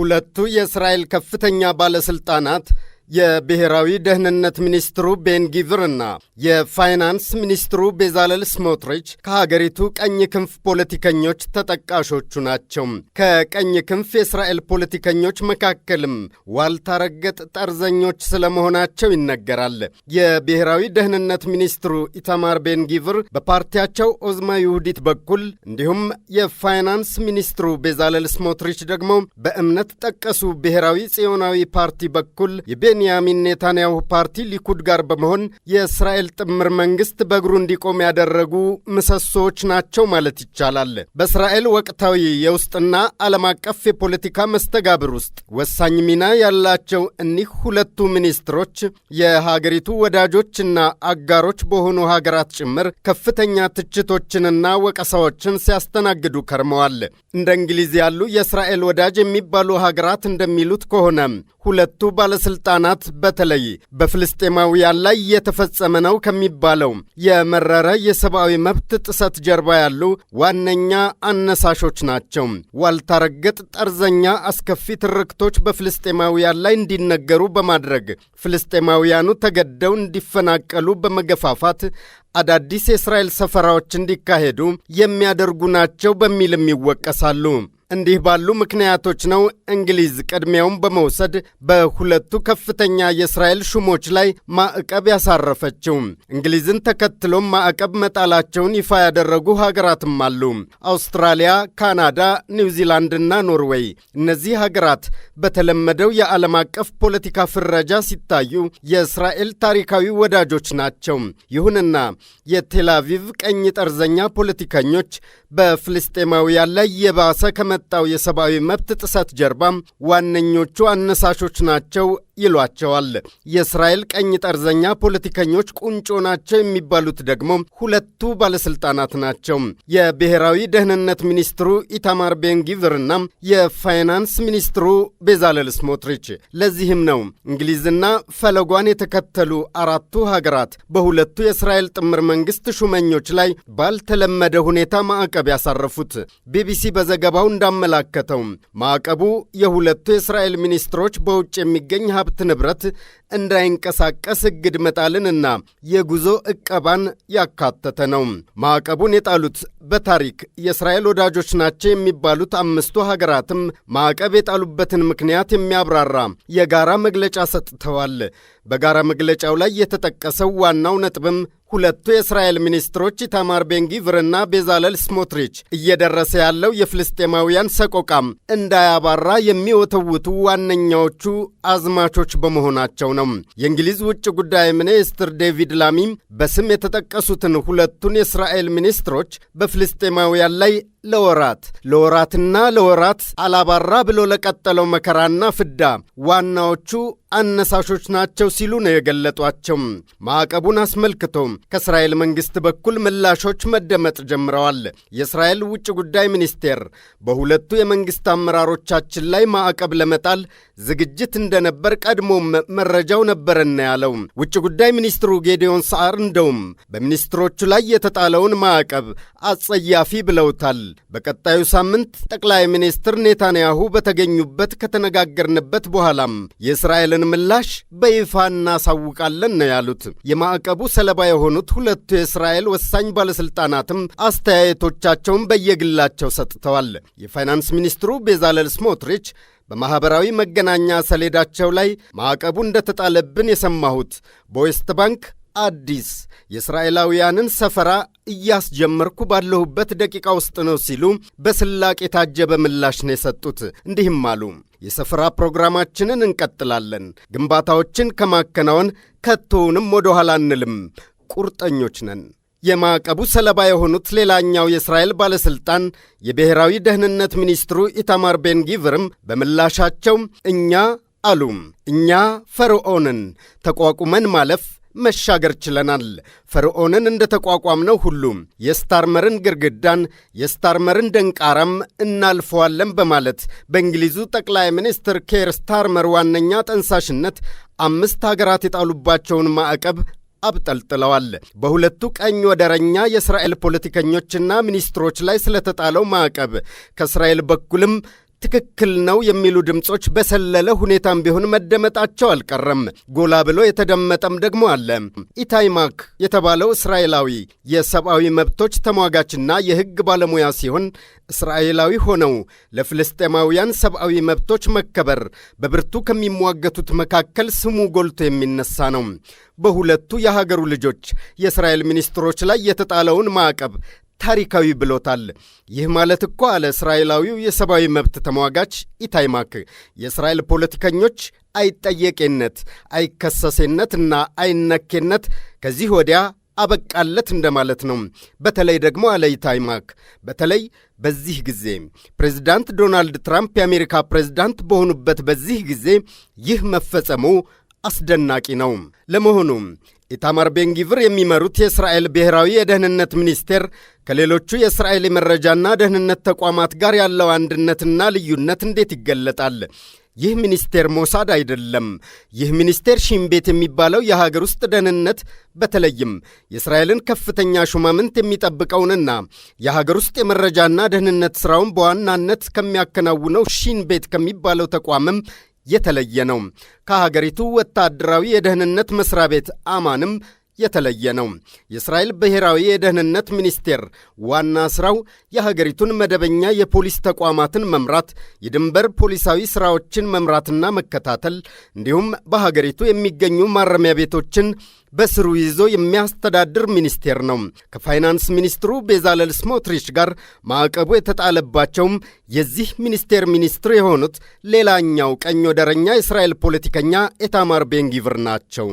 ሁለቱ የእስራኤል ከፍተኛ ባለሥልጣናት የብሔራዊ ደህንነት ሚኒስትሩ ቤን ጊቭርና የፋይናንስ ሚኒስትሩ ቤዛለል ስሞትሪች ከሀገሪቱ ቀኝ ክንፍ ፖለቲከኞች ተጠቃሾቹ ናቸው። ከቀኝ ክንፍ የእስራኤል ፖለቲከኞች መካከልም ዋልታረገጥ ጠርዘኞች ስለመሆናቸው ይነገራል። የብሔራዊ ደህንነት ሚኒስትሩ ኢታማር ቤን ጊቭር በፓርቲያቸው ኦዝማ ይሁዲት በኩል እንዲሁም የፋይናንስ ሚኒስትሩ ቤዛለል ስሞትሪች ደግሞ በእምነት ጠቀሱ ብሔራዊ ጽዮናዊ ፓርቲ በኩል የቤን ከቤንያሚን ኔታንያሁ ፓርቲ ሊኩድ ጋር በመሆን የእስራኤል ጥምር መንግስት በእግሩ እንዲቆም ያደረጉ ምሰሶዎች ናቸው ማለት ይቻላል። በእስራኤል ወቅታዊ የውስጥና ዓለም አቀፍ የፖለቲካ መስተጋብር ውስጥ ወሳኝ ሚና ያላቸው እኒህ ሁለቱ ሚኒስትሮች የሀገሪቱ ወዳጆችና አጋሮች በሆኑ ሀገራት ጭምር ከፍተኛ ትችቶችንና ወቀሳዎችን ሲያስተናግዱ ከርመዋል። እንደ እንግሊዝ ያሉ የእስራኤል ወዳጅ የሚባሉ ሀገራት እንደሚሉት ከሆነ ሁለቱ ባለስልጣናት ሕፃናት በተለይ በፍልስጤማውያን ላይ የተፈጸመ ነው ከሚባለው የመረረ የሰብአዊ መብት ጥሰት ጀርባ ያሉ ዋነኛ አነሳሾች ናቸው። ዋልታረገጥ ጠርዘኛ አስከፊ ትርክቶች በፍልስጤማውያን ላይ እንዲነገሩ በማድረግ ፍልስጤማውያኑ ተገደው እንዲፈናቀሉ በመገፋፋት አዳዲስ የእስራኤል ሰፈራዎች እንዲካሄዱ የሚያደርጉ ናቸው በሚልም ይወቀሳሉ። እንዲህ ባሉ ምክንያቶች ነው እንግሊዝ ቅድሚያውን በመውሰድ በሁለቱ ከፍተኛ የእስራኤል ሹሞች ላይ ማዕቀብ ያሳረፈችው። እንግሊዝን ተከትሎም ማዕቀብ መጣላቸውን ይፋ ያደረጉ ሀገራትም አሉ። አውስትራሊያ፣ ካናዳ፣ ኒውዚላንድና ኖርዌይ። እነዚህ ሀገራት በተለመደው የዓለም አቀፍ ፖለቲካ ፍረጃ ሲታዩ የእስራኤል ታሪካዊ ወዳጆች ናቸው። ይሁንና የቴል አቪቭ ቀኝ ጠርዘኛ ፖለቲከኞች በፍልስጤማውያን ላይ የባሰ ከመ ከመጣው የሰብአዊ መብት ጥሰት ጀርባም ዋነኞቹ አነሳሾች ናቸው ይሏቸዋል። የእስራኤል ቀኝ ጠርዘኛ ፖለቲከኞች ቁንጮ ናቸው የሚባሉት ደግሞ ሁለቱ ባለስልጣናት ናቸው። የብሔራዊ ደህንነት ሚኒስትሩ ኢታማር ቤንጊቭርና የፋይናንስ ሚኒስትሩ ቤዛለል ስሞትሪች። ለዚህም ነው እንግሊዝና ፈለጓን የተከተሉ አራቱ ሀገራት በሁለቱ የእስራኤል ጥምር መንግስት ሹመኞች ላይ ባልተለመደ ሁኔታ ማዕቀብ ያሳረፉት። ቢቢሲ በዘገባው እንዳመላከተው ማዕቀቡ የሁለቱ የእስራኤል ሚኒስትሮች በውጭ የሚገኝ ሀብት ንብረት እንዳይንቀሳቀስ እግድ መጣልንና የጉዞ ዕቀባን ያካተተ ነው። ማዕቀቡን የጣሉት በታሪክ የእስራኤል ወዳጆች ናቸው የሚባሉት አምስቱ ሀገራትም ማዕቀብ የጣሉበትን ምክንያት የሚያብራራ የጋራ መግለጫ ሰጥተዋል። በጋራ መግለጫው ላይ የተጠቀሰው ዋናው ነጥብም ሁለቱ የእስራኤል ሚኒስትሮች ኢታማር ቤንጊቭርና ቤዛለል ስሞትሪች እየደረሰ ያለው የፍልስጤማውያን ሰቆቃም እንዳያባራ የሚወተውቱ ዋነኛዎቹ አዝማቾች በመሆናቸው ነው። የእንግሊዝ ውጭ ጉዳይ ሚኒስትር ዴቪድ ላሚም በስም የተጠቀሱትን ሁለቱን የእስራኤል ሚኒስትሮች በፍልስጤማውያን ላይ ለወራት ለወራትና ለወራት አላባራ ብሎ ለቀጠለው መከራና ፍዳ ዋናዎቹ አነሳሾች ናቸው ሲሉ ነው የገለጧቸው። ማዕቀቡን አስመልክቶ ከእስራኤል መንግሥት በኩል ምላሾች መደመጥ ጀምረዋል። የእስራኤል ውጭ ጉዳይ ሚኒስቴር በሁለቱ የመንግሥት አመራሮቻችን ላይ ማዕቀብ ለመጣል ዝግጅት እንደነበር ቀድሞም መረጃው ነበረና ያለው ውጭ ጉዳይ ሚኒስትሩ ጌዲዮን ሰዓር እንደውም በሚኒስትሮቹ ላይ የተጣለውን ማዕቀብ አጸያፊ ብለውታል። በቀጣዩ ሳምንት ጠቅላይ ሚኒስትር ኔታንያሁ በተገኙበት ከተነጋገርንበት በኋላም የእስራኤልን ምላሽ በይፋ እናሳውቃለን ነው ያሉት። የማዕቀቡ ሰለባ የሆኑት ሁለቱ የእስራኤል ወሳኝ ባለሥልጣናትም አስተያየቶቻቸውን በየግላቸው ሰጥተዋል። የፋይናንስ ሚኒስትሩ ቤዛለል ስሞትሪች በማኅበራዊ መገናኛ ሰሌዳቸው ላይ ማዕቀቡ እንደተጣለብን የሰማሁት በዌስት ባንክ አዲስ የእስራኤላውያንን ሰፈራ እያስጀመርኩ ባለሁበት ደቂቃ ውስጥ ነው ሲሉ በስላቅ የታጀበ ምላሽ ነው የሰጡት። እንዲህም አሉ። የሰፈራ ፕሮግራማችንን እንቀጥላለን። ግንባታዎችን ከማከናወን ከቶውንም ወደ ኋላ አንልም። ቁርጠኞች ነን። የማዕቀቡ ሰለባ የሆኑት ሌላኛው የእስራኤል ባለሥልጣን የብሔራዊ ደህንነት ሚኒስትሩ ኢታማር ቤንጊቭርም በምላሻቸው እኛ አሉ እኛ ፈርዖንን ተቋቁመን ማለፍ መሻገር ችለናል። ፈርዖንን እንደ ተቋቋምነው ሁሉ የስታርመርን ግርግዳን የስታርመርን ደንቃራም እናልፈዋለን በማለት በእንግሊዙ ጠቅላይ ሚኒስትር ኬር ስታርመር ዋነኛ ጠንሳሽነት አምስት ሀገራት የጣሉባቸውን ማዕቀብ አብጠልጥለዋል። በሁለቱ ቀኝ ወደረኛ የእስራኤል ፖለቲከኞችና ሚኒስትሮች ላይ ስለተጣለው ማዕቀብ ከእስራኤል በኩልም ትክክል ነው የሚሉ ድምፆች በሰለለ ሁኔታም ቢሆን መደመጣቸው አልቀረም። ጎላ ብሎ የተደመጠም ደግሞ አለ። ኢታይማክ የተባለው እስራኤላዊ የሰብአዊ መብቶች ተሟጋችና የሕግ ባለሙያ ሲሆን እስራኤላዊ ሆነው ለፍልስጤማውያን ሰብአዊ መብቶች መከበር በብርቱ ከሚሟገቱት መካከል ስሙ ጎልቶ የሚነሳ ነው። በሁለቱ የሀገሩ ልጆች የእስራኤል ሚኒስትሮች ላይ የተጣለውን ማዕቀብ ታሪካዊ ብሎታል። ይህ ማለት እኮ አለ እስራኤላዊው የሰብአዊ መብት ተሟጋች ኢታይማክ የእስራኤል ፖለቲከኞች አይጠየቄነት፣ አይከሰሴነት እና አይነኬነት ከዚህ ወዲያ አበቃለት እንደማለት ነው። በተለይ ደግሞ አለ ኢታይማክ በተለይ በዚህ ጊዜ ፕሬዚዳንት ዶናልድ ትራምፕ የአሜሪካ ፕሬዚዳንት በሆኑበት በዚህ ጊዜ ይህ መፈጸሙ አስደናቂ ነው። ለመሆኑ ኢታማር ቤንጊቭር የሚመሩት የእስራኤል ብሔራዊ የደህንነት ሚኒስቴር ከሌሎቹ የእስራኤል የመረጃና ደህንነት ተቋማት ጋር ያለው አንድነትና ልዩነት እንዴት ይገለጣል? ይህ ሚኒስቴር ሞሳድ አይደለም። ይህ ሚኒስቴር ሺን ቤት የሚባለው የሀገር ውስጥ ደህንነት በተለይም የእስራኤልን ከፍተኛ ሹማምንት የሚጠብቀውንና የሀገር ውስጥ የመረጃና ደህንነት ሥራውን በዋናነት ከሚያከናውነው ሺን ቤት ከሚባለው ተቋምም የተለየ ነው። ከሀገሪቱ ወታደራዊ የደህንነት መስሪያ ቤት አማንም የተለየ ነው። የእስራኤል ብሔራዊ የደህንነት ሚኒስቴር ዋና ስራው የሀገሪቱን መደበኛ የፖሊስ ተቋማትን መምራት፣ የድንበር ፖሊሳዊ ስራዎችን መምራትና መከታተል እንዲሁም በሀገሪቱ የሚገኙ ማረሚያ ቤቶችን በስሩ ይዞ የሚያስተዳድር ሚኒስቴር ነው። ከፋይናንስ ሚኒስትሩ ቤዛለል ስሞትሪች ጋር ማዕቀቡ የተጣለባቸውም የዚህ ሚኒስቴር ሚኒስትር የሆኑት ሌላኛው ቀኝ ወደረኛ የእስራኤል ፖለቲከኛ ኤታማር ቤንጊቭር ናቸው።